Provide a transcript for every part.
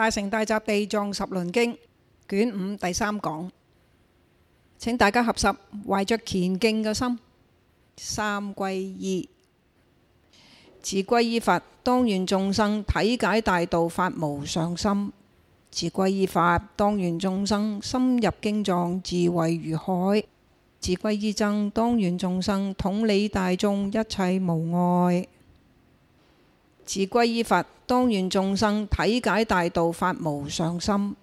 大乘大集地藏十輪經卷五第三講，請大家合十，懷着虔敬嘅心，三歸依，自歸依佛，當願眾生體解大道，發無上心；自歸依法，當願眾生深入經藏，智慧如海；自歸依僧，當願眾生統理大眾，一切無礙。自歸依佛，當願眾生體解大道，法無上心；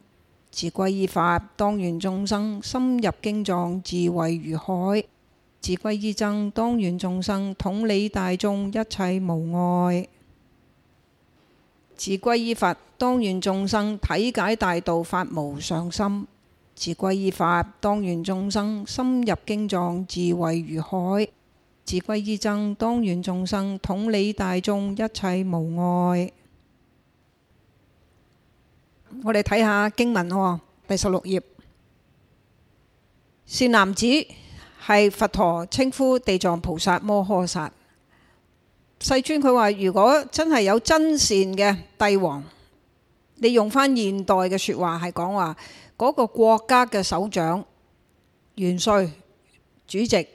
自歸依法，當願眾生深入經藏，智慧如海；自歸依僧，當願眾生統理大眾，一切無礙；自歸依佛，當願眾生體解大道，法無上心；自歸依法，當願眾生深入經藏，智慧如海。自歸依僧，當願眾生，統理大眾，一切無礙。我哋睇下經文喎，第十六頁。善男子係佛陀稱呼地藏菩薩摩訶薩。世尊佢話：如果真係有真善嘅帝王，你用翻現代嘅說話，係講話嗰個國家嘅首長、元帥、主席、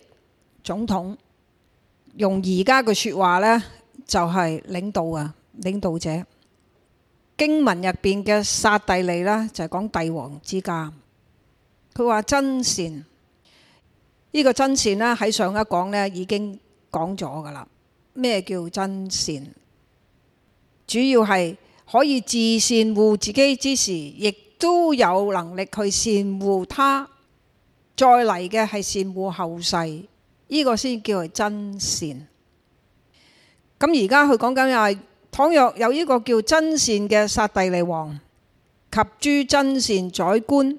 總統。用而家嘅說話呢，就係領導啊，領導者。經文入邊嘅剎帝利呢，就係講帝王之家。佢話真善，呢、呢個真善呢，喺上一講呢已經講咗噶啦。咩叫真善？主要係可以自善護自己之時，亦都有能力去善護他。再嚟嘅係善護後世。呢個先叫做真善。咁而家佢講緊又係，倘若有呢個叫真善嘅剎帝利王及諸真善宰官，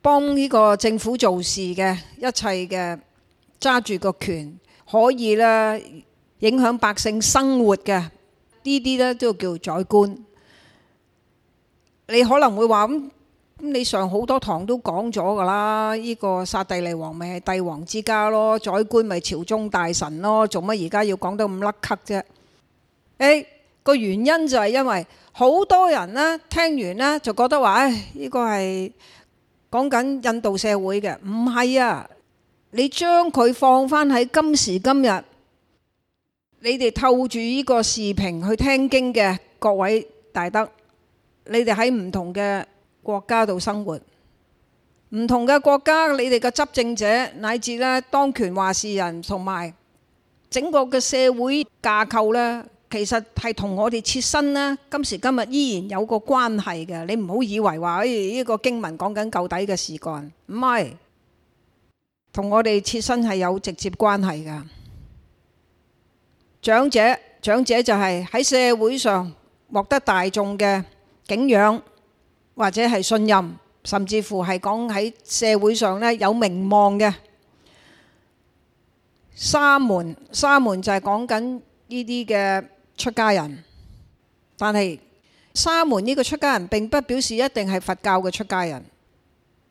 幫呢個政府做事嘅一切嘅揸住個權，可以咧影響百姓生活嘅，呢啲咧都叫宰官。你可能會話咁。咁你上好多堂都講咗噶啦，呢個剎帝利王咪帝王之家咯，宰官咪朝中大臣咯，做乜而家要講得咁甩咳啫？誒個原因就係因為好多人咧聽完咧就覺得話誒呢個係講緊印度社會嘅，唔係啊？你將佢放翻喺今時今日，你哋透住呢個視頻去聽經嘅各位大德，你哋喺唔同嘅。國家度生活，唔同嘅國家，你哋嘅執政者乃至咧當權話事人，同埋整個嘅社會架構咧，其實係同我哋切身咧，今時今日依然有個關係嘅。你唔好以為話誒，呢個經文講緊舊底嘅事幹，唔係同我哋切身係有直接關係嘅。長者，長者就係喺社會上獲得大眾嘅景仰。或者係信任，甚至乎係講喺社會上咧有名望嘅沙門。沙門就係講緊呢啲嘅出家人。但係沙門呢個出家人並不表示一定係佛教嘅出家人。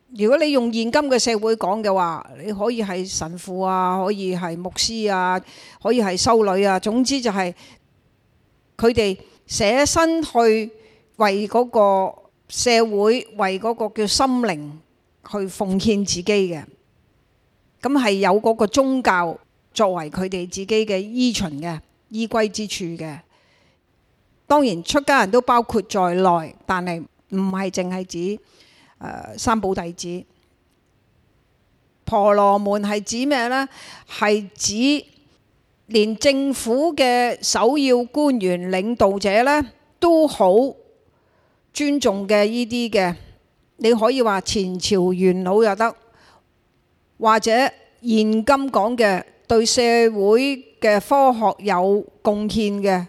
如果你用現今嘅社會講嘅話，你可以係神父啊，可以係牧師啊，可以係修女啊，總之就係佢哋捨身去為嗰個。社會為嗰個叫心靈去奉獻自己嘅，咁係有嗰個宗教作為佢哋自己嘅依循嘅、依歸之處嘅。當然出家人都包括在內，但係唔係淨係指、呃、三寶弟子。婆羅門係指咩呢？係指連政府嘅首要官員、領導者呢都好。尊重嘅呢啲嘅，你可以話前朝元老又得，或者現今講嘅對社會嘅科學有貢獻嘅，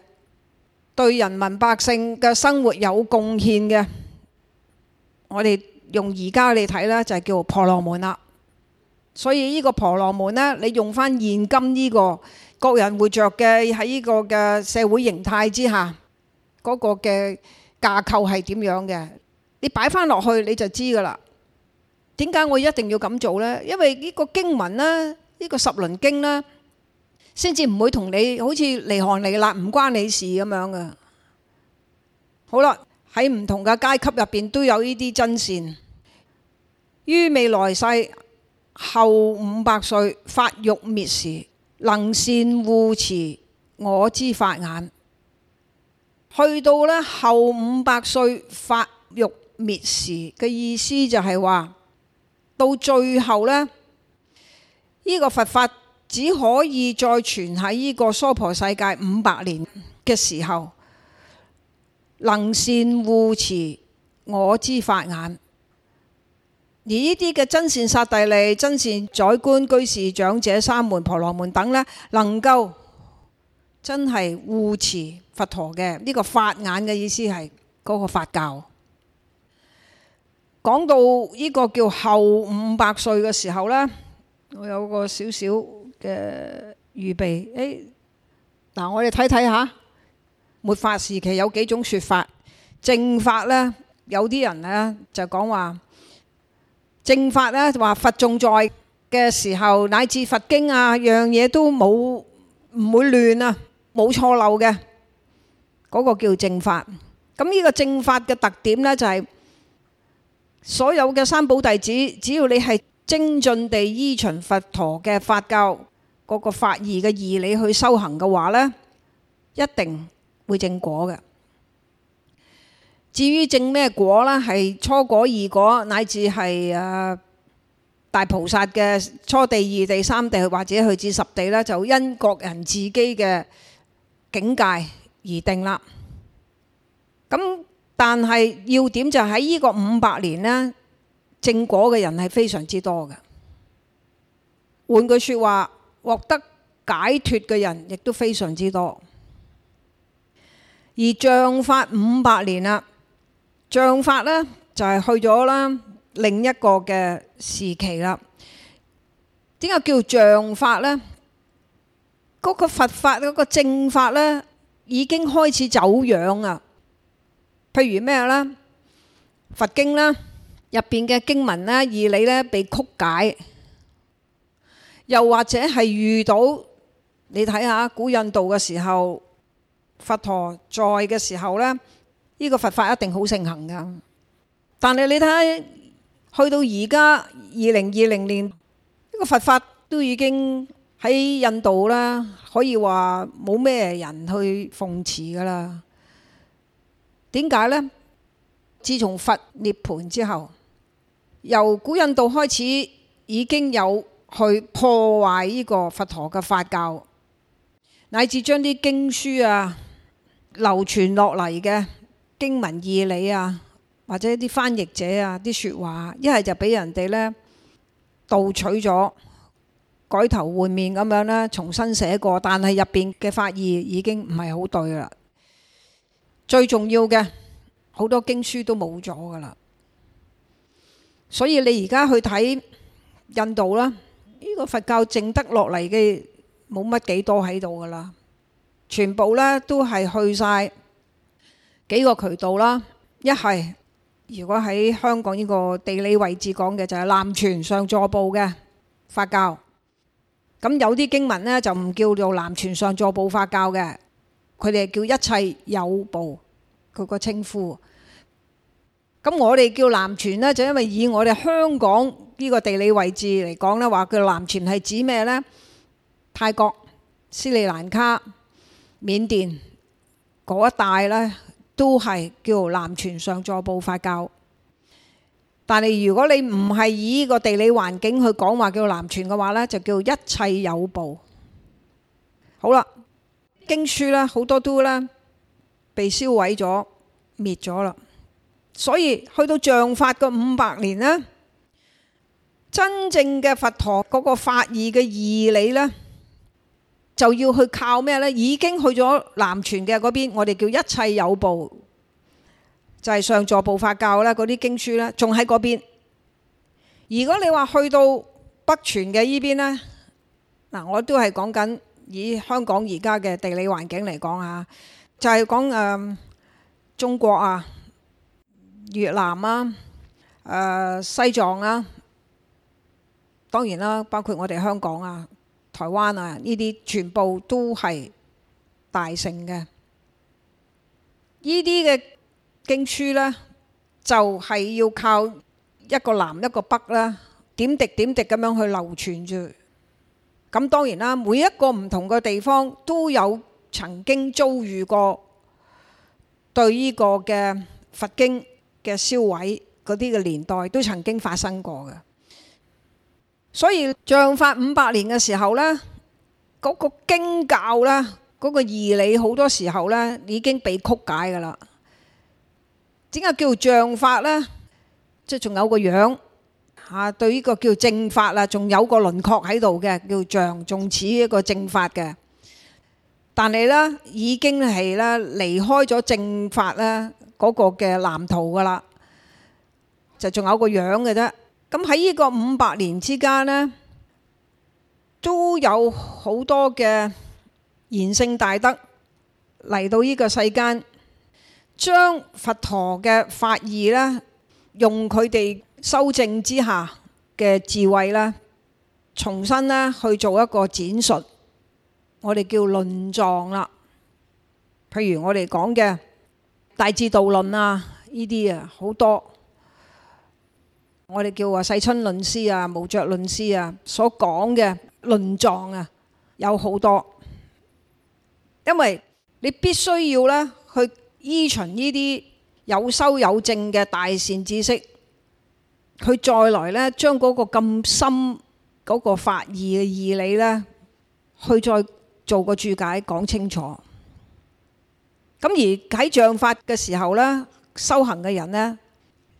對人民百姓嘅生活有貢獻嘅，我哋用而家嚟睇咧，就係叫婆羅門啦。所以呢個婆羅門咧，你用翻現今呢個各人活着嘅喺呢個嘅社會形態之下嗰個嘅。架構係點樣嘅？你擺翻落去你就知噶啦。點解我一定要咁做呢？因為呢個經文咧、啊，呢、這個十輪經咧、啊，先至唔會同你好似離寒離辣唔關你事咁樣噶。好啦，喺唔同嘅階級入邊都有呢啲真善。於未來世後五百歲法欲滅時，能善護持我之法眼。去到呢後五百歲法欲滅時嘅意思就係話，到最後呢，呢、這個佛法只可以再存喺呢個娑婆世界五百年嘅時候，能善護持我之法眼。而呢啲嘅真善剎帝利、真善宰官、居士、長者、沙門、婆羅門等呢，能夠真係護持。佛陀嘅呢個法眼嘅意思係嗰個法教講到呢個叫後五百歲嘅時候呢，我有個少少嘅預備誒，嗱，我哋睇睇吓末法時期有幾種說法，正法咧，有啲人咧就講話，正法咧話佛仲在嘅時候，乃至佛經啊樣嘢都冇唔會亂啊，冇錯漏嘅。嗰個叫正法，咁、這、呢個正法嘅特點呢、就是，就係所有嘅三寶弟子，只要你係精進地依循佛陀嘅法教嗰、那個法義嘅義理去修行嘅話呢，一定會證果嘅。至於證咩果呢？係初果、二果，乃至係誒大菩薩嘅初地、二地、三地，或者去至十地呢，就因各人自己嘅境界。而定啦。咁但係要點就喺呢個五百年呢，正果嘅人係非常之多嘅。換句說話，獲得解脫嘅人亦都非常之多。而像法五百年啦，像法呢就係去咗啦另一個嘅時期啦。點解叫像法呢？嗰個佛法嗰個正法呢，已經開始走樣啊！譬如咩呢？佛經呢，入邊嘅經文呢，義理呢被曲解，又或者係遇到你睇下古印度嘅時候，佛陀在嘅時候呢，呢個佛法一定好盛行噶。但係你睇去到而家二零二零年，呢個佛法都已經～喺印度啦，可以話冇咩人去奉持噶啦。點解呢？自從佛涅槃之後，由古印度開始已經有去破壞呢個佛陀嘅法教，乃至將啲經書啊流傳落嚟嘅經文義理啊，或者啲翻譯者啊啲説話，一係就俾人哋呢盜取咗。改頭換面咁樣咧，重新寫過，但係入邊嘅法義已經唔係好對啦。最重要嘅，好多經書都冇咗噶啦。所以你而家去睇印度啦，呢個佛教淨得落嚟嘅冇乜幾多喺度噶啦，全部呢都係去晒幾個渠道啦。一係如果喺香港呢個地理位置講嘅，就係南傳上座部嘅佛教。咁有啲經文呢就唔叫做南傳上座部佛教嘅，佢哋叫一切有部，佢個稱呼。咁我哋叫南傳呢，就因為以我哋香港呢個地理位置嚟講呢，話叫南傳係指咩呢？泰國、斯里蘭卡、緬甸嗰一帶呢，都係叫南傳上座部佛教。但係如果你唔係以個地理環境去講話叫南傳嘅話呢，就叫一切有部。好啦，經書呢好多都咧被燒毀咗、滅咗啦，所以去到像法嘅五百年呢，真正嘅佛陀嗰個法義嘅義理呢，就要去靠咩呢？已經去咗南傳嘅嗰邊，我哋叫一切有部。就係上座部法教啦，嗰啲經書啦，仲喺嗰邊。如果你話去到北傳嘅依邊咧，嗱，我都係講緊以香港而家嘅地理環境嚟講啊，就係、是、講誒、嗯、中國啊、越南啊、誒、啊、西藏啊，當然啦，包括我哋香港啊、台灣啊，呢啲全部都係大乘嘅，呢啲嘅。經書咧就係要靠一個南一個北啦，點滴點滴咁樣去流傳住。咁當然啦，每一個唔同嘅地方都有曾經遭遇過對呢個嘅佛經嘅燒毀嗰啲嘅年代，都曾經發生過嘅。所以像法五百年嘅時候咧，嗰個經教咧，嗰個義理好多時候咧已經被曲解㗎喇。點解叫像法咧？即係仲有個樣嚇，對呢個叫正法啦，仲有個輪廓喺度嘅，叫像，仲似一個正法嘅。但係咧，已經係咧離開咗正法啦嗰個嘅藍圖噶啦，就仲有個樣嘅啫。咁喺呢個五百年之間咧，都有好多嘅賢聖大德嚟到呢個世間。將佛陀嘅法義呢，用佢哋修證之下嘅智慧呢，重新呢，去做一個展述，我哋叫論藏啦。譬如我哋講嘅《大智度論》啊，呢啲啊好多，我哋叫話世親論師啊、無着論師啊所講嘅論藏啊，有好多，因為你必須要呢。依循呢啲有修有證嘅大善知識，佢再來咧，將嗰個咁深嗰個法義嘅義理咧，去再做個註解講清楚。咁而喺像法嘅時候咧，修行嘅人咧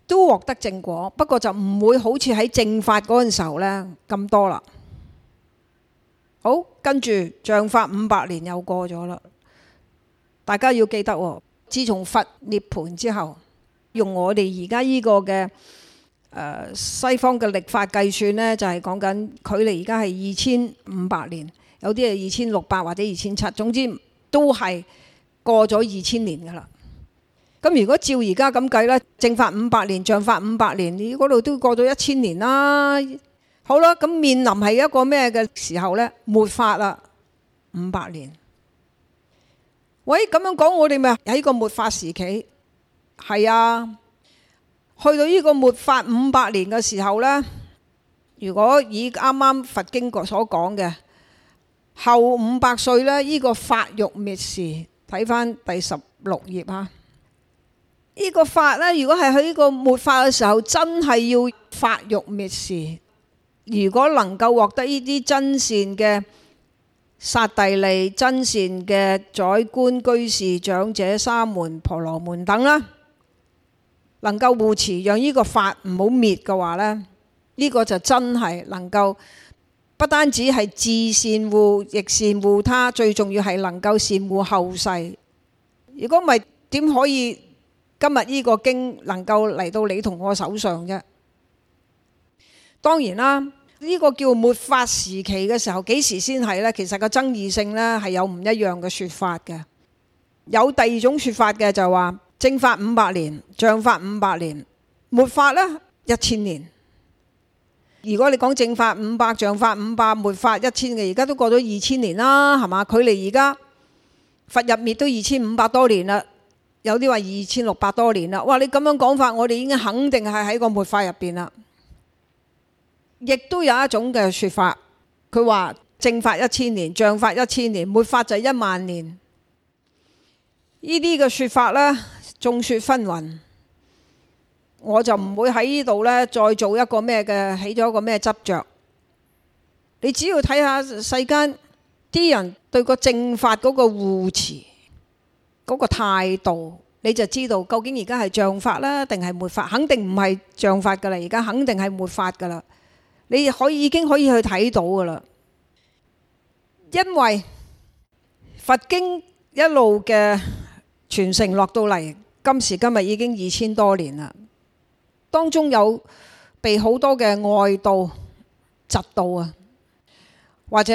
都獲得正果，不過就唔會好似喺正法嗰陣時候咧咁多啦。好，跟住像法五百年又過咗啦，大家要記得喎。自從佛涅盤之後，用我哋而家呢個嘅誒西方嘅曆法計算呢，就係講緊距離而家係二千五百年，有啲係二千六百或者二千七，總之都係過咗二千年噶啦咁如果照而家咁計呢，正法五百年，像法五百年，你嗰度都過咗一千年啦。好啦，咁面臨係一個咩嘅時候呢？末法啦，五百年。喂，咁樣講，我哋咪喺個末法時期？係啊，去到呢個末法五百年嘅時候呢，如果以啱啱佛經所講嘅後五百歲呢，呢，呢個法欲滅時，睇翻第十六頁啊！呢，呢個法呢，如果係喺呢個末法嘅時候，真係要法欲滅時，如果能夠獲得呢啲真善嘅。剎帝利真善嘅宰官居士長者沙門婆羅門等啦，能夠護持，讓呢個法唔好滅嘅話咧，呢、呢個就真係能夠不單止係自善護，亦善護他，最重要係能夠善護後世。如果唔係，點可以今日呢個經能夠嚟到你同我手上啫？當然啦。呢個叫末法時期嘅時候，幾時先係呢？其實個爭議性呢係有唔一樣嘅說法嘅。有第二種說法嘅就話正法五百年，像法五百年，末法呢一千年。如果你講正法五百，像法五百，末法一千嘅，而家都過咗二千年啦，係嘛？距離而家佛入滅都二千五百多年啦，有啲話二千六百多年啦。哇！你咁樣講法，我哋已經肯定係喺個末法入邊啦。亦都有一種嘅説法，佢話正法一千年，象法一千年，末法就一萬年。呢啲嘅説法呢，眾說紛紜，我就唔會喺呢度呢，再做一個咩嘅起咗一個咩執着。你只要睇下世間啲人對個正法嗰個護持嗰個態度，你就知道究竟而家係象法啦，定係末法？肯定唔係象法噶啦，而家肯定係末法噶啦。你可以已經可以去睇到㗎喇，因為佛經一路嘅傳承落到嚟，今時今日已經二千多年啦。當中有被好多嘅外道、執道啊，或者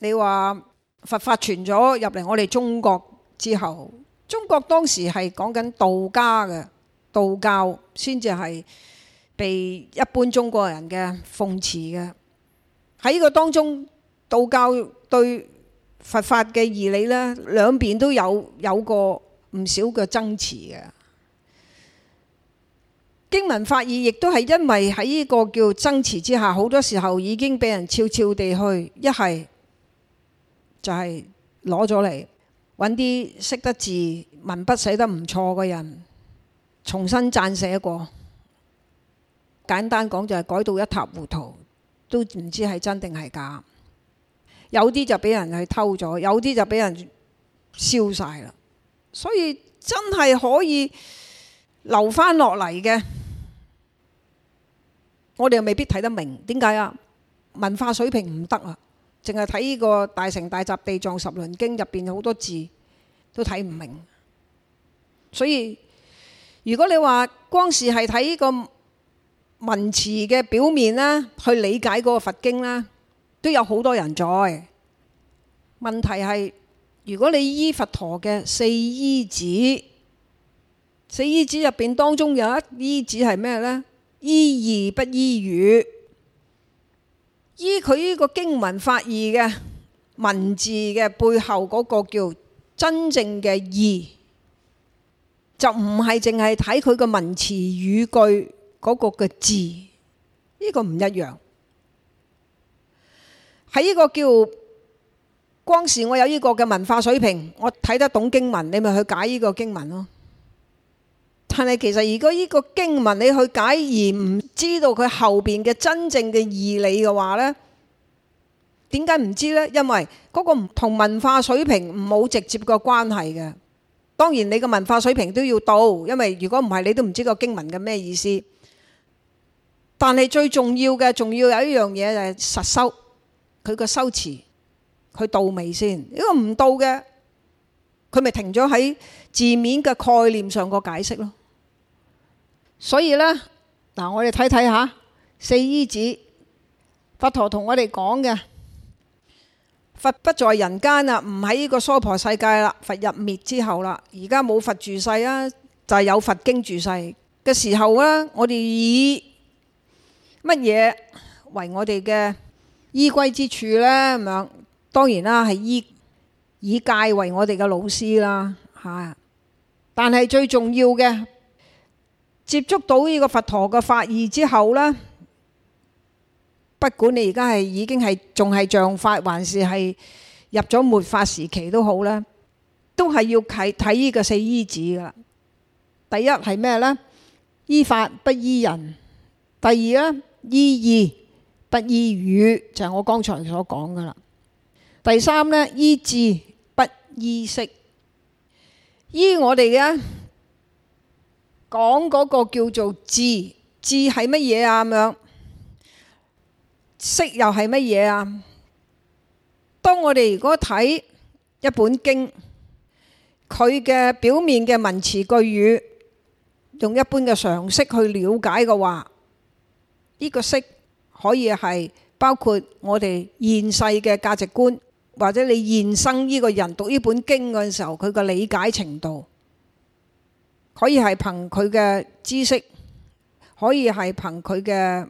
你話佛法傳咗入嚟我哋中國之後，中國當時係講緊道家嘅道教先至係。被一般中國人嘅諷刺嘅喺呢個當中，道教對佛法嘅義理呢，兩邊都有有過唔少嘅爭持嘅經文法義，亦都係因為喺呢個叫爭持之下，好多時候已經俾人悄悄地去一係就係攞咗嚟揾啲識得字、文筆寫得唔錯嘅人重新撰寫過。簡單講就係改到一塌糊塗，都唔知係真定係假。有啲就俾人去偷咗，有啲就俾人燒晒啦。所以真係可以留翻落嚟嘅，我哋又未必睇得明。點解啊？文化水平唔得啊！淨係睇呢個《大乘大集地藏十輪經》入邊好多字都睇唔明。所以如果你話光是係睇呢個。文辭嘅表面呢，去理解嗰個佛經呢，都有好多人在。問題係，如果你依佛陀嘅四依止，四依止入邊當中有一依止係咩呢？依義不依語。依佢呢個經文法義嘅文字嘅背後嗰個叫真正嘅義，就唔係淨係睇佢嘅文辭語句。嗰個嘅字，呢個唔一樣。喺呢個叫光是，我有呢個嘅文化水平，我睇得懂經文，你咪去解呢個經文咯。但係，其實如果呢個經文你去解而唔知道佢後邊嘅真正嘅義理嘅話呢，點解唔知呢？因為嗰個唔同文化水平冇直接嘅關係嘅。當然你嘅文化水平都要到，因為如果唔係，你都唔知個經文嘅咩意思。但係最重要嘅，仲要有一樣嘢就係實修佢個修持，佢到未先？如果唔到嘅，佢咪停咗喺字面嘅概念上個解釋咯。所以呢，嗱，我哋睇睇下四依止，佛陀同我哋講嘅佛不在人間啦，唔喺呢個娑婆世界啦，佛入滅之後啦，而家冇佛住世啊，就係有佛經住世嘅時候啦。我哋以乜嘢為我哋嘅依歸之處呢？咁樣當然啦，係依以戒為我哋嘅老師啦，吓。但係最重要嘅，接觸到呢個佛陀嘅法義之後呢，不管你而家係已經係仲係像法，還是係入咗末法時期都好咧，都係要睇睇呢個四依止噶啦。第一係咩呢？依法不依人。第二呢？依義不依語，就係、是、我剛才所講噶啦。第三咧，依智不依識。依我哋嘅講嗰個叫做智，智係乜嘢啊？咁樣，識又係乜嘢啊？當我哋如果睇一本經，佢嘅表面嘅文詞句語，用一般嘅常識去了解嘅話，呢個識可以係包括我哋現世嘅價值觀，或者你現生呢個人讀呢本經嘅時候，佢個理解程度可以係憑佢嘅知識，可以係憑佢嘅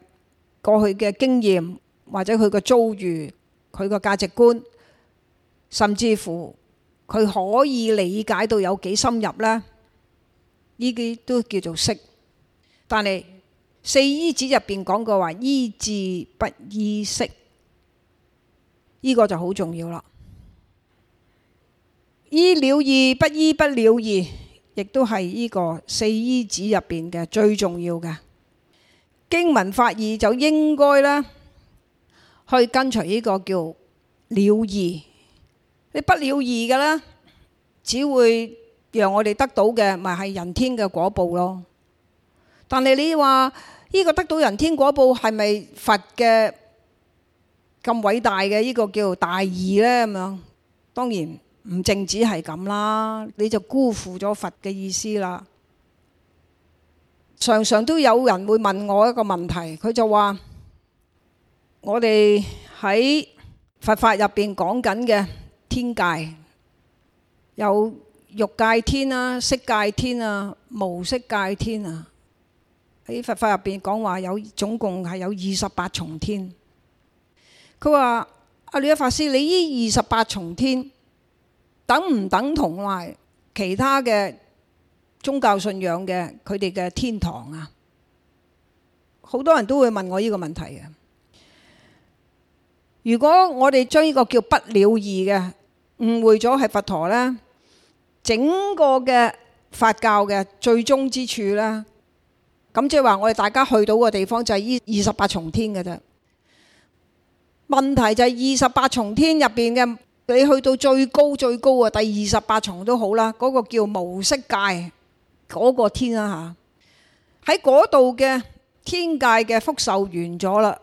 過去嘅經驗，或者佢嘅遭遇、佢嘅價值觀，甚至乎佢可以理解到有幾深入呢。呢啲都叫做識，但係。四依止入邊講過話，依智不依識，呢、這個就好重要啦。依了義不依不了義，亦都係呢個四依止入邊嘅最重要嘅。經文法義就應該咧去跟隨呢個叫了義，你不了義嘅咧，只會讓我哋得到嘅咪係人天嘅果報咯。但係你話。呢個得到人天果報係咪佛嘅咁偉大嘅呢、呢個叫大義呢？咁樣？當然唔淨止係咁啦，你就辜負咗佛嘅意思啦。常常都有人會問我一個問題，佢就話：我哋喺佛法入邊講緊嘅天界，有欲界天啊、色界天啊、無色界天啊。喺佛法入邊講話有總共係有二十八重天。佢話，阿呂阿法師，你呢二十八重天等唔等同埋其他嘅宗教信仰嘅佢哋嘅天堂啊？好多人都會問我呢個問題嘅。如果我哋將呢個叫不了義嘅誤會咗係佛陀咧，整個嘅佛教嘅最終之處咧？咁即係話，我哋大家去到個地方就係呢二十八重天嘅啫。問題就係二十八重天入邊嘅，你去到最高最高啊，第二十八重都好啦，嗰個叫無色界嗰個天啊。吓。喺嗰度嘅天界嘅福壽完咗啦，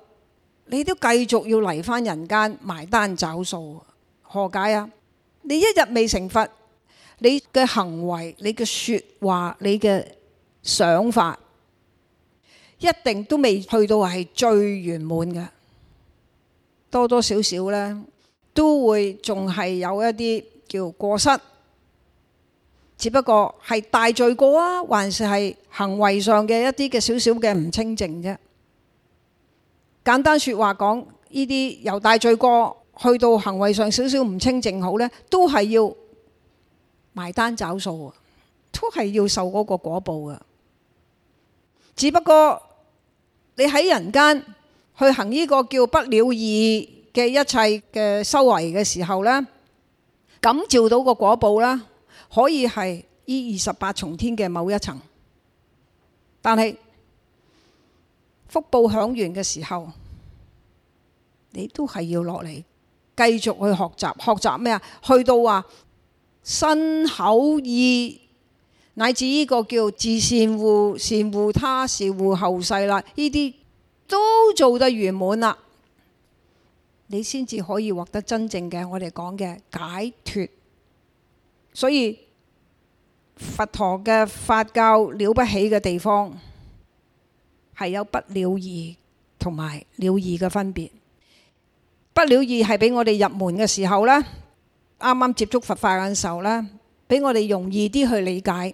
你都繼續要嚟返人間埋單找數，何解啊？你一日未成佛，你嘅行為、你嘅說話、你嘅想法。一定都未去到係最圓滿嘅，多多少少呢都會仲係有一啲叫過失，只不過係大罪過啊，還是係行為上嘅一啲嘅少少嘅唔清淨啫。簡單説話講，呢啲由大罪過去到行為上少少唔清淨好呢，都係要埋單找數啊，都係要受嗰個果報嘅。只不過你喺人間去行呢個叫不了義嘅一切嘅修為嘅時候呢，感召到個果報呢，可以係呢二十八重天嘅某一層，但係福報享完嘅時候，你都係要落嚟繼續去學習，學習咩啊？去到話身口意。乃至呢個叫自善護、善護他、善護後世啦，呢啲都做得圓滿啦，你先至可以獲得真正嘅我哋講嘅解脫。所以佛陀嘅法教了不起嘅地方係有不了義同埋了義嘅分別。不了義係俾我哋入門嘅時候呢，啱啱接觸佛法嘅時候呢，俾我哋容易啲去理解。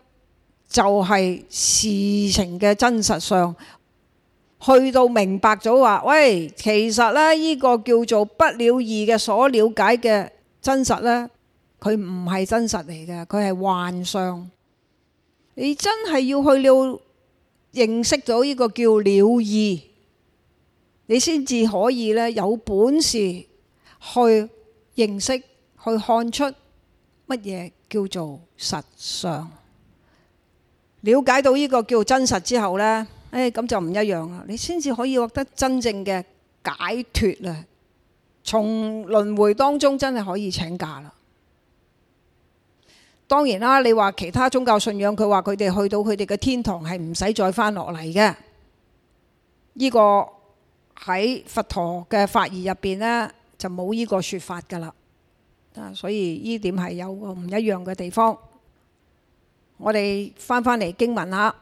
就係事情嘅真實上，去到明白咗話，喂，其實呢，呢個叫做不了義嘅所了解嘅真實呢，佢唔係真實嚟嘅，佢係幻相。你真係要去到認識到呢個叫了義，你先至可以呢，有本事去認識去看出乜嘢叫做實相。了解到呢個叫真實之後呢，誒、哎、咁就唔一樣啦。你先至可以獲得真正嘅解脫啦，從輪迴當中真係可以請假啦。當然啦，你話其他宗教信仰，佢話佢哋去到佢哋嘅天堂係唔使再返落嚟嘅，呢、這個喺佛陀嘅法義入邊呢，就冇呢個說法噶啦。所以呢點係有個唔一樣嘅地方。我哋翻返嚟經文嚇，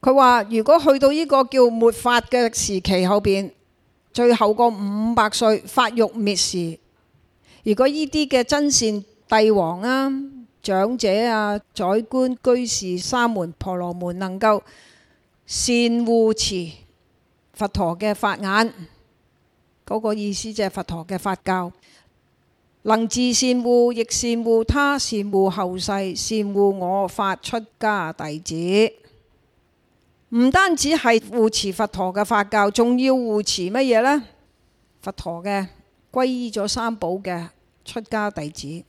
佢話如果去到呢個叫末法嘅時期後邊，最後個五百歲法欲滅時，如果呢啲嘅真善帝王啊、長者啊、宰官居士、沙門婆羅門能夠善護持佛陀嘅法眼，嗰、那個意思就係佛陀嘅法教。能自善護，亦善護他，善護後世，善護我法出家弟子。唔單止係護持佛陀嘅法教，仲要護持乜嘢呢？佛陀嘅皈依咗三寶嘅出家弟子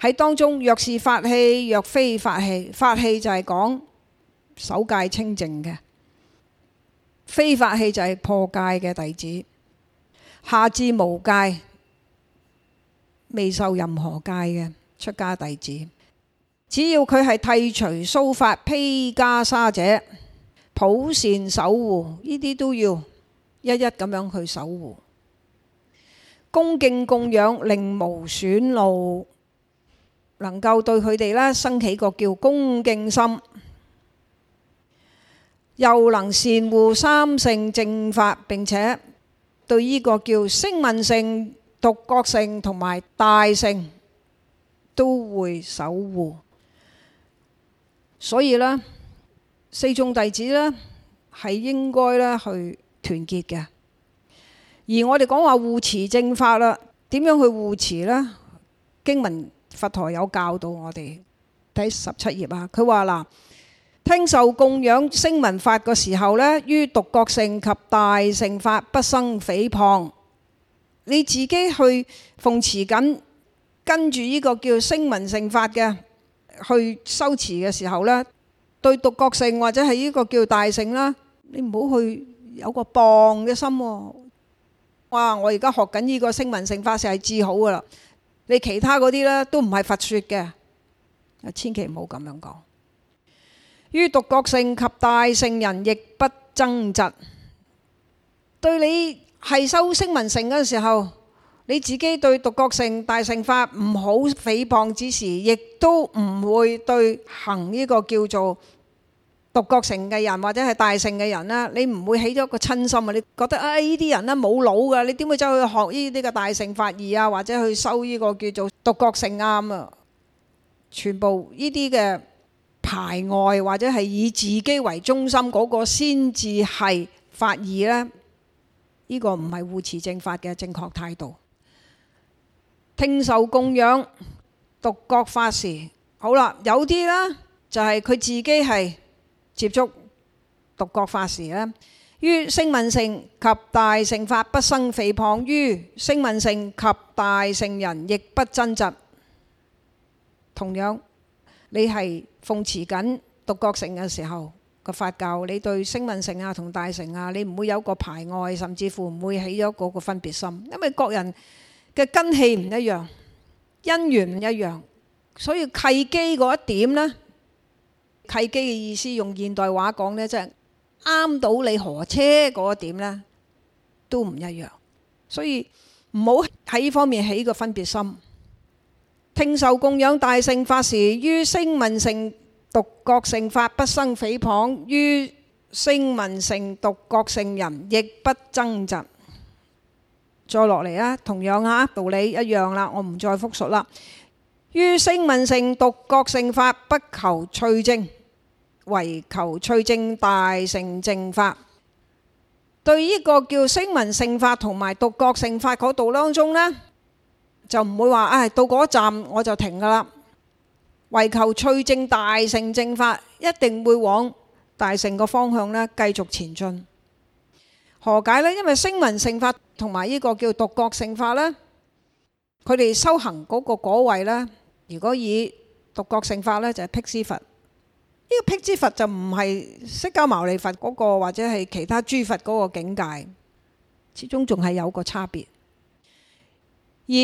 喺當中，若是法器，若非法器，法器就係講守戒清淨嘅，非法器就係破戒嘅弟子，下至無戒。未受任何戒嘅出家弟子，只要佢係剃除鬚髮、披袈裟者，普善守護，呢啲都要一一咁樣去守護，恭敬供養，令無損惱，能夠對佢哋咧生起個叫恭敬心，又能善護三乘正法，並且對呢個叫聲聞乘。獨角性同埋大性都會守護，所以呢，四眾弟子呢係應該呢去團結嘅。而我哋講話護持正法啦，點樣去護持呢？經文佛陀有教導我哋第十七頁啊。佢話嗱，聽受供養聲聞法嘅時候呢，於獨覺乘及大乘法不生誹謗。你自己去奉持，緊跟住呢個叫聲聞乘法嘅去修持嘅時候呢，對獨覺乘或者係呢個叫大乘啦，你唔好去有個謗嘅心喎、哦。哇！我而家學緊呢個聲聞乘法，就係至好噶啦。你其他嗰啲呢，都唔係佛説嘅，千祈唔好咁樣講。於獨覺乘及大乘人亦不憎嫉，對你。係修聲聞乘嗰陣時候，你自己對獨覺乘大乘法唔好誹謗之時，亦都唔會對行呢個叫做獨覺乘嘅人或者係大乘嘅人啦。你唔會起咗個親心啊！你覺得啊，呢、哎、啲人咧冇腦噶，你點會走去學呢啲嘅大乘法義啊？或者去修呢個叫做獨覺乘啱啊？全部呢啲嘅排外或者係以自己為中心嗰個先至係法義呢。呢個唔係護持正法嘅正確態度。聽受供養，獨覺法時，好啦，有啲咧就係、是、佢自己係接觸獨覺法時呢，於聲聞乘及大乘法不生誹謗，於聲聞乘及大乘人亦不憎嫉。同樣，你係奉持緊獨覺乘嘅時候。發教，你對聲聞乘啊同大乘啊，你唔會有個排外，甚至乎唔會起咗嗰個分別心，因為各人嘅根器唔一樣，因緣唔一樣，所以契機嗰一點咧，契機嘅意思用現代話講咧，即係啱到你何車嗰點咧，都唔一樣，所以唔好喺呢方面起個分別心。聽受供養大乘法時，於聲聞乘，.獨覺乘法不生誹謗，於聲聞乘獨覺乘人亦不憎嫉。再落嚟啊，同樣啊，道理一樣啦，我唔再複述啦。於聲聞乘獨覺乘法不求趣證，唯求趣證大乘正，正法。對呢個叫聲聞乘法同埋獨覺乘法嗰度當中呢，就唔會話唉、哎，到嗰站我就停噶啦。為求趣證大乘正法，一定會往大乘個方向咧，繼續前進。何解呢？因為聲聞聖法同埋呢個叫獨覺聖法呢，佢哋修行嗰個果位呢，如果以獨覺聖法呢，就係辟支佛，呢、這個辟支佛就唔係釋迦牟尼佛嗰、那個或者係其他諸佛嗰個境界，始終仲係有個差別。而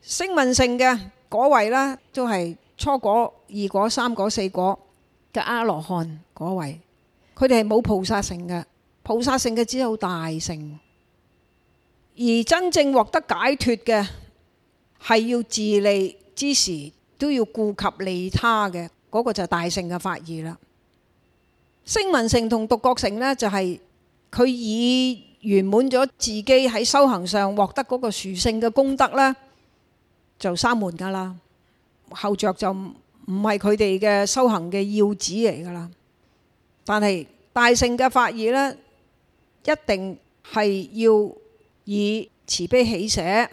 聲聞聖嘅果位呢，都係，初果、二果、三果、四果嘅阿羅漢果位，佢哋係冇菩薩性嘅，菩薩性嘅只有大乘。而真正獲得解脫嘅，係要自利之時都要顧及利他嘅，嗰、那個就係大乘嘅法義啦。聲聞乘同獨覺乘呢，就係佢已圓滿咗自己喺修行上獲得嗰個殊勝嘅功德啦，就三門噶啦。後着就唔係佢哋嘅修行嘅要旨嚟噶啦，但係大乘嘅法義呢，一定係要以慈悲喜捨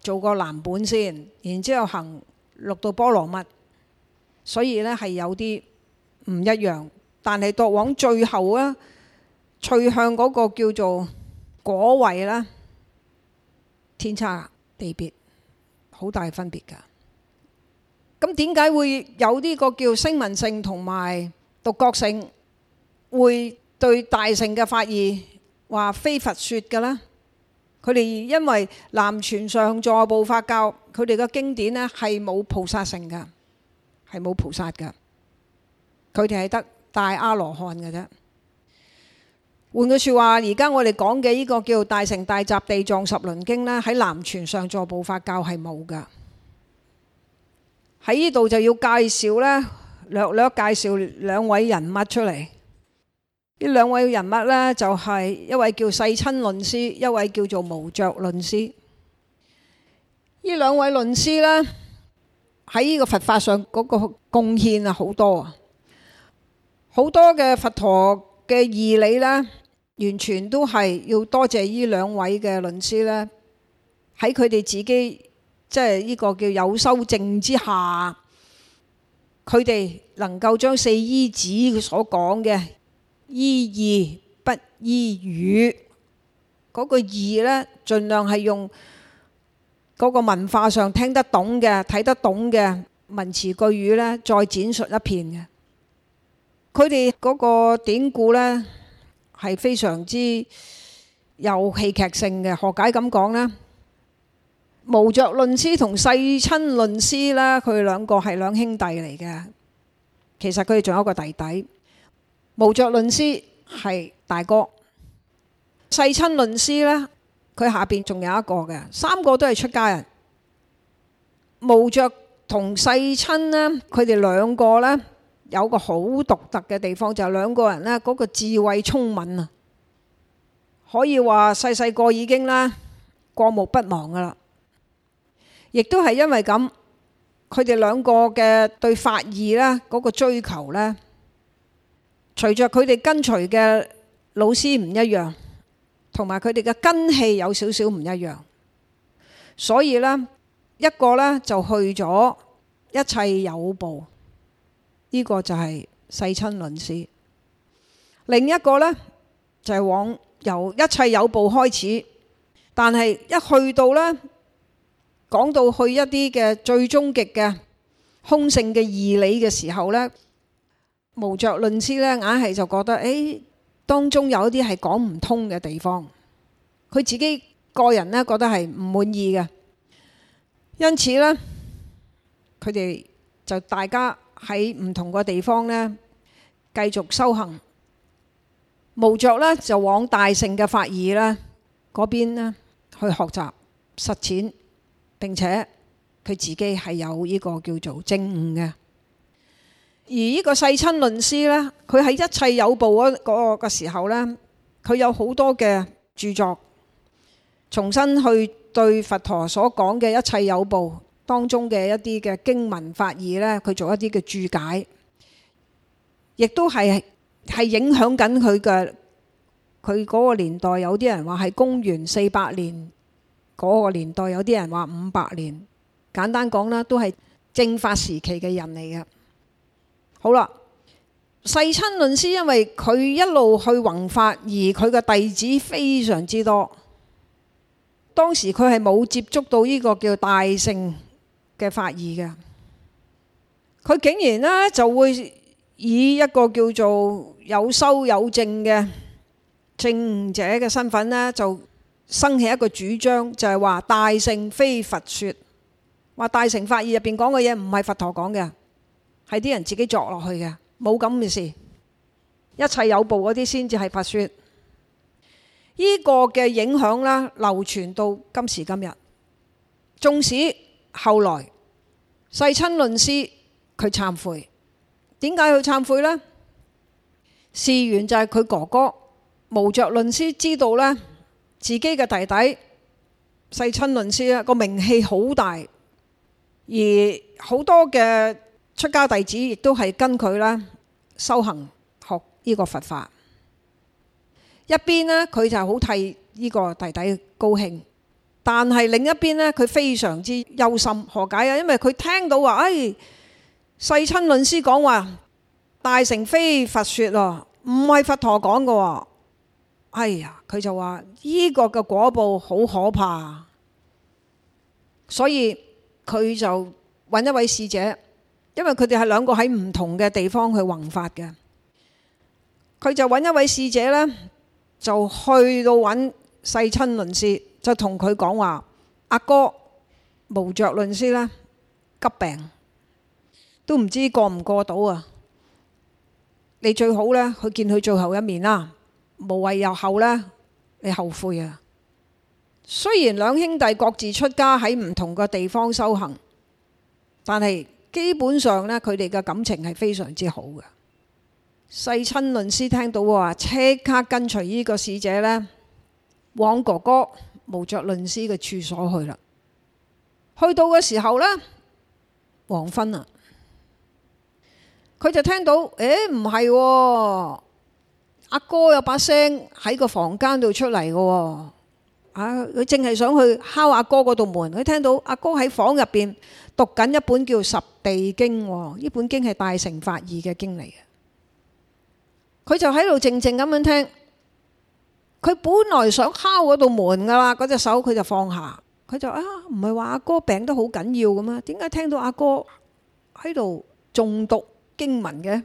做個藍本先，然之後行六度波羅蜜，所以呢，係有啲唔一樣。但係到往最後啊，趨向嗰個叫做果位啦，天差地別，好大分別噶。咁點解會有呢個叫聲聞性同埋獨覺性，會對大乘嘅法義話非佛說嘅咧？佢哋因為南傳上座部佛教佢哋嘅經典呢，係冇菩薩性嘅，係冇菩薩嘅，佢哋係得大阿羅漢嘅啫。換句説話，而家我哋講嘅呢個叫大乘大集地藏十輪經呢，喺南傳上座部佛教係冇嘅。喺呢度就要介紹呢，略略介紹兩位人物出嚟。呢兩位人物呢，就係一位叫世親論師，一位叫做無著論師。呢兩位論師呢，喺呢個佛法上嗰個貢獻啊，好多啊，好多嘅佛陀嘅義理呢，完全都係要多謝呢兩位嘅論師呢，喺佢哋自己。即係呢個叫有修正之下，佢哋能夠將四依子佢所講嘅依義不依語嗰個義呢，盡量係用嗰個文化上聽得懂嘅、睇得懂嘅文詞句語呢，再展述一遍嘅。佢哋嗰個典故呢係非常之有戲劇性嘅，何解咁講呢？無着論師同世親論師呢，佢兩個係兩兄弟嚟嘅。其實佢哋仲有一個弟弟，無着論師係大哥，世親論師呢，佢下邊仲有一個嘅。三個都係出家人。無着同世親呢，佢哋兩個呢，有個好獨特嘅地方，就係、是、兩個人呢嗰個智慧聰敏。啊，可以話細細個已經呢，過目不忘噶啦。亦都係因為咁，佢哋兩個嘅對法義咧，嗰個追求咧，隨着佢哋跟隨嘅老師唔一樣，同埋佢哋嘅根器有少少唔一樣，所以呢，一個呢就去咗一切有部，呢個就係世親論師；另一個呢，就係往由一切有部開始，但係一去到呢。講到去一啲嘅最終極嘅空性嘅義理嘅時候咧，無著論師咧硬係就覺得，誒當中有一啲係講唔通嘅地方，佢自己個人咧覺得係唔滿意嘅，因此咧佢哋就大家喺唔同個地方咧繼續修行，無著咧就往大乘嘅法義咧嗰邊咧去學習實踐。並且佢自己係有呢個叫做精悟嘅。而呢個世親論師咧，佢喺一切有部嗰個嘅時候咧，佢有好多嘅著作，重新去對佛陀所講嘅一切有部當中嘅一啲嘅經文法義咧，佢做一啲嘅注解，亦都係係影響緊佢嘅。佢嗰個年代有啲人話，係公元四百年。嗰個年代有啲人話五百年，簡單講啦，都係正法時期嘅人嚟嘅。好啦，世親論師因為佢一路去弘法，而佢嘅弟子非常之多。當時佢係冇接觸到呢個叫大乘嘅法義嘅，佢竟然呢就會以一個叫做有修有證嘅證者嘅身份呢就。生起一個主張，就係話大乘非佛説，話大乘法義入邊講嘅嘢唔係佛陀講嘅，係啲人自己作落去嘅，冇咁嘅事。一切有部嗰啲先至係佛説，呢個嘅影響啦，流傳到今時今日，縱使後來世親論師佢懺悔，點解佢懺悔呢？事緣就係佢哥哥無着論師知道呢。自己嘅弟弟世親論師啦，個名氣好大，而好多嘅出家弟子亦都係跟佢啦，修行學呢個佛法。一邊呢，佢就好替呢個弟弟高興，但係另一邊呢，佢非常之憂心。何解啊？因為佢聽到話，誒、哎、世親論師講話大乘非佛説啊，唔係佛陀講嘅哎呀，佢就話呢、這個嘅果報好可怕，啊，所以佢就揾一位侍者，因為佢哋係兩個喺唔同嘅地方去弘法嘅，佢就揾一位侍者呢，就去到揾世親論師，就同佢講話：阿、啊、哥無着論師咧，急病都唔知過唔過到啊！你最好呢，去見佢最後一面啦。無畏又後呢，你後悔啊！雖然兩兄弟各自出家喺唔同個地方修行，但係基本上呢，佢哋嘅感情係非常之好嘅。世親論師聽到話，即刻跟隨呢個使者呢，往哥哥無着論師嘅處所去啦。去到嘅時候呢，黃昏啊，佢就聽到，誒、欸，唔係啊。阿哥有把聲喺個房間度出嚟嘅。啊，佢淨係想去敲阿哥嗰度門，佢聽到阿哥喺房入邊讀緊一本叫《十地經》呢，啊、本經係大乘法義嘅經嚟嘅。佢就喺度靜靜咁樣聽，佢本來想敲嗰度門噶啦，嗰隻手佢就放下，佢就啊，唔係話阿哥病得好緊要咁啊？點解聽到阿哥喺度誦讀經文嘅？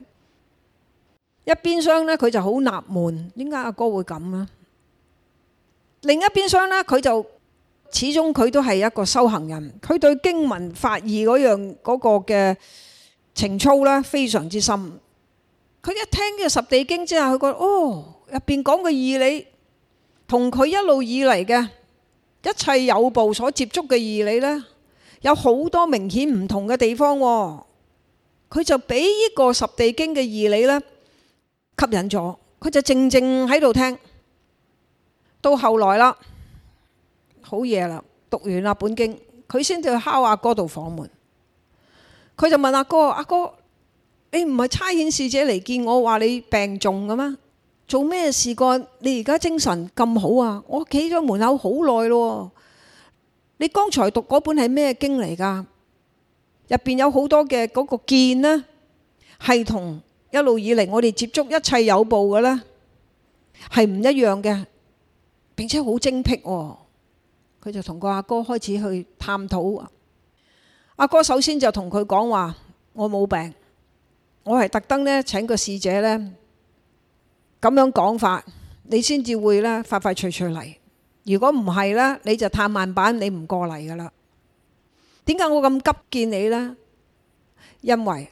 一邊廂呢，佢就好納悶，點解阿哥會咁啊？另一邊廂呢，佢就始終佢都係一個修行人，佢對經文法義嗰樣嗰、嗰個嘅情操呢，非常之深。佢一聽呢個十地經之後，佢覺得哦，入邊講嘅義理同佢一路以嚟嘅一切有部所接觸嘅義理呢，有好多明顯唔同嘅地方，哦。佢就俾呢、呢個十地經嘅義理呢，吸引咗，佢就靜靜喺度聽。到後來啦，好夜啦，讀完啦本經，佢先至敲阿哥度房門。佢就問阿哥，阿哥，哥，你唔係差遣使者嚟見我，話你病重嘅咩？做咩事個？你而家精神咁好啊？我企咗門口好耐咯。你剛才讀嗰本係咩經嚟噶？入邊有好多嘅嗰個見呢，係同。一路以嚟，我哋接觸一切有報嘅呢，係唔一樣嘅，並且好精闢喎。佢就同個阿哥開始去探討。阿哥首先就同佢講話：我冇病，我係特登呢請個侍者呢咁樣講法，你先至會呢快快脆脆嚟。如果唔係呢，你就探慢板，你唔過嚟噶啦。點解我咁急見你呢？因為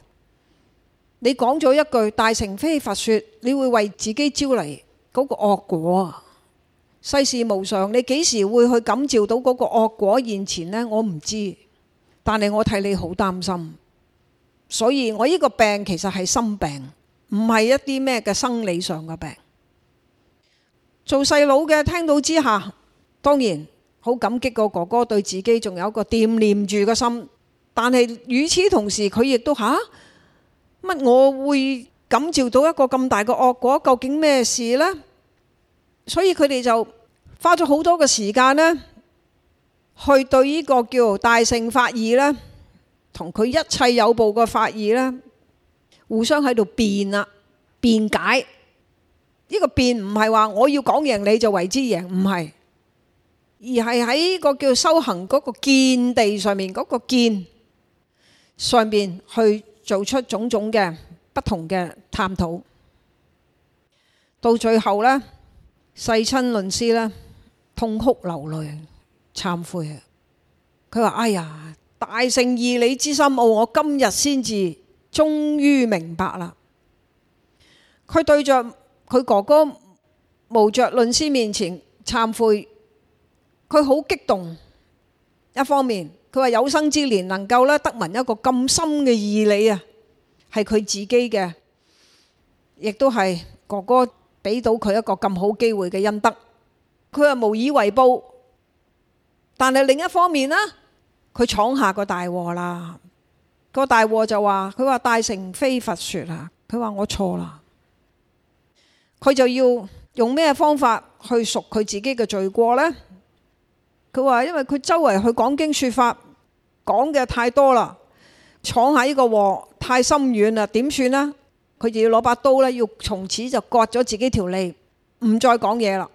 你講咗一句大乘非佛説，你會為自己招嚟嗰個惡果啊！世事無常，你幾時會去感召到嗰個惡果現前呢，我唔知，但係我替你好擔心，所以我呢個病其實係心病，唔係一啲咩嘅生理上嘅病。做細佬嘅聽到之下，當然好感激個哥哥對自己仲有一個惦念住嘅心，但係與此同時，佢亦都嚇。啊乜？我會感召到一個咁大嘅惡果，究竟咩事呢？所以佢哋就花咗好多嘅時間呢，去對呢個叫大乘法義呢，同佢一切有部嘅法義呢，互相喺度辯啊辯解。呢個辯唔係話我要講贏你就為之贏，唔係，而係喺呢個叫修行嗰個見地上面嗰個見上邊去。做出種種嘅不同嘅探討，到最後呢，世親論師呢，痛哭流淚，懺悔啊！佢話：哎呀，大乘義理之心奧，我今日先至終於明白啦！佢對着佢哥哥無着論師面前懺悔，佢好激動一方面。佢話有生之年能夠咧得聞一個咁深嘅義理啊，係佢自己嘅，亦都係哥哥俾到佢一個咁好機會嘅恩德。佢話無以為報，但係另一方面呢，佢闖下個大禍，那個大禍啦，個大禍就話佢話大乘非佛說啊，佢話我錯啦，佢就要用咩方法去贖佢自己嘅罪過呢？佢話：因為佢周圍去講經説法，講嘅太多啦，闖下呢個禍太深遠啦，點算咧？佢就要攞把刀咧，要從此就割咗自己條脷，唔再講嘢啦。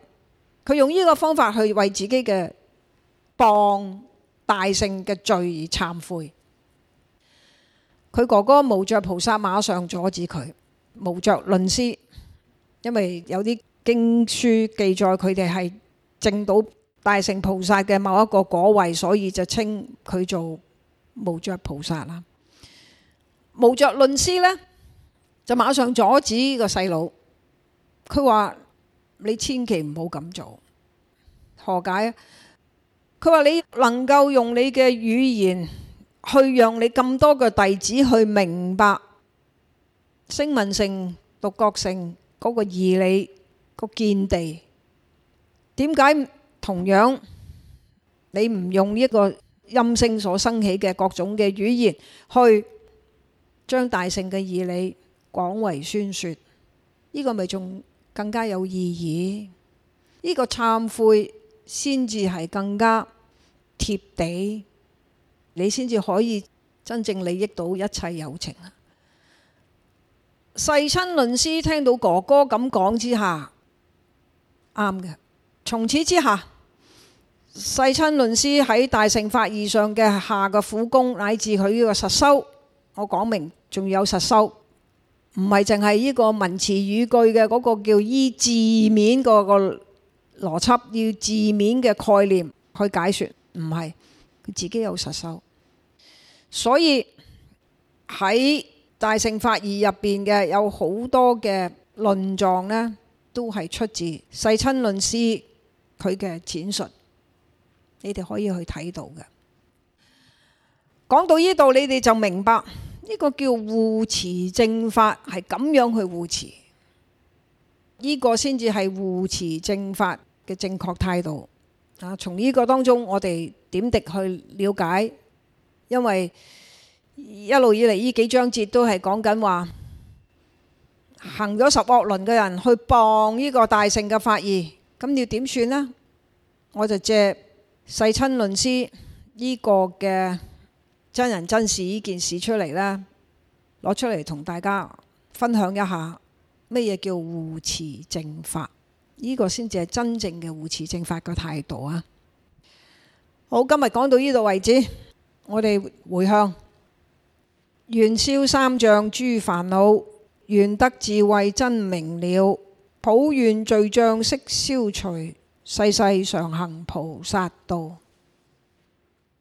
佢用呢個方法去為自己嘅謗大乘嘅罪而懺悔。佢哥哥無着菩薩馬上阻止佢，無着論師，因為有啲經書記載佢哋係正到。大乘菩薩嘅某一個果位，所以就稱佢做無著菩薩啦。無著論師呢，就馬上阻止個細佬，佢話：你千祈唔好咁做。何解？佢話，你能夠用你嘅語言去讓你咁多個弟子去明白聲聞乘、獨覺乘嗰個義理個見地，點解？同樣，你唔用一個音聲所生起嘅各種嘅語言，去將大乘嘅義理廣為宣説，呢、這個咪仲更加有意義？呢、這個懺悔先至係更加貼地，你先至可以真正利益到一切有情啊！世親論師聽到哥哥咁講之下，啱嘅。從此之下，世親論師喺《大乘法義》上嘅下嘅苦功，乃至佢呢個實修，我講明，仲有實修，唔係淨係呢個文詞語句嘅嗰個叫依字面嗰個邏輯，要字面嘅概念去解説，唔係佢自己有實修。所以喺《大乘法義》入邊嘅有好多嘅論狀呢，都係出自世親論師。佢嘅展述，你哋可以去睇到嘅。講到呢度，你哋就明白呢個叫護持正法係咁樣去護持，呢個先至係護持正法嘅正確態度。嚇、啊，從呢個當中，我哋點滴去了解，因為一路以嚟呢幾章節都係講緊話，行咗十惡輪嘅人去傍呢個大乘嘅法義。咁要點算呢？我就借《世親論師》呢個嘅真人真事呢件事出嚟呢攞出嚟同大家分享一下咩嘢叫護持正法，呢、呢個先至係真正嘅護持正法嘅態度啊！好，今日講到呢度為止，我哋回向，願消三障諸煩惱，願得智慧真明了。普願罪障悉消除，世世常行菩薩道。